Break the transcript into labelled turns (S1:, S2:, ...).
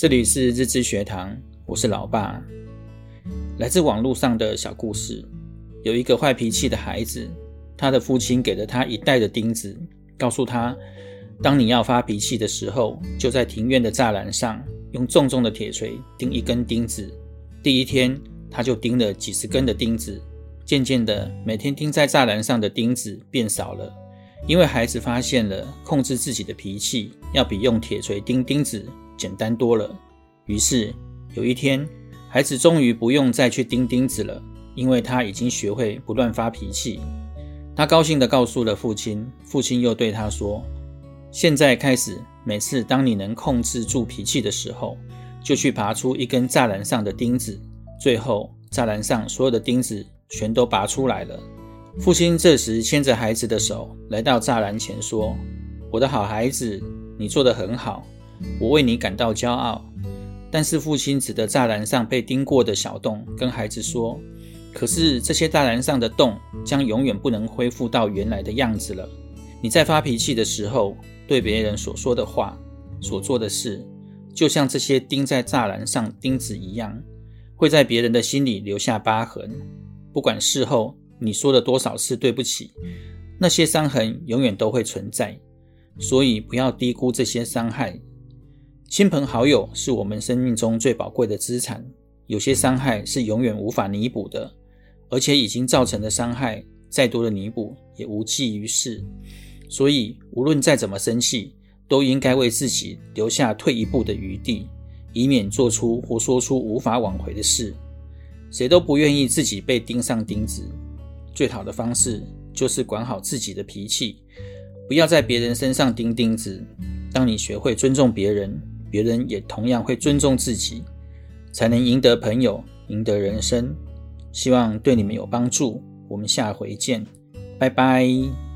S1: 這裡是日之學堂，我是老爸。來自網絡上的小故事，有一個壞脾氣的孩子，他的父親給了他一袋的釘子，告訴他：當你要發脾氣的時候，就在庭院的柵欄上用重重的鐵錘釘一根釘子。第一天，他就釘了幾十根的釘子，漸漸的，每天釘在柵欄上的釘子變少了，因為孩子發現了控制自己的脾氣，要比用鐵錘釘釘子。簡單多了。於是有一天，孩子終於不用再去釘釘子了，因為他已經學會不亂發脾氣。他高興地告訴了父親，父親又對他說：“現在開始，每次當你能控制住脾氣的時候，就去拔出一根柵欄上的釘子。最後，柵欄上所有的釘子全都拔出來了。”父親這時牽着孩子的手來到柵欄前說：“我的好孩子，你做得很好。”我為你感到驕傲，但是父親指着柵欄上被釘過的小洞，跟孩子說：“可是這些柵欄上的洞將永遠不能恢復到原來的樣子了。你在發脾氣的時候對別人所說的話、所做的事，就像這些釘在柵欄上釘子一樣，會在別人的心裡留下疤痕。不管事後你說了多少次對不起，那些傷痕永遠都會存在。所以不要低估這些傷害。”親朋好友是我們生命中最寶貴的資產，有些傷害是永遠無法彌補的，而且已經造成的傷害，再多的彌補也無濟於事。所以，無論再怎麼生氣，都應該為自己留下退一步的餘地，以免做出或說出無法挽回的事。誰都不願意自己被釘上釘子，最好的方式就是管好自己的脾氣，不要在別人身上釘釘子。當你學會尊重別人，別人也同樣會尊重自己，才能贏得朋友，贏得人生。希望對你們有幫助，我們下回見，拜拜。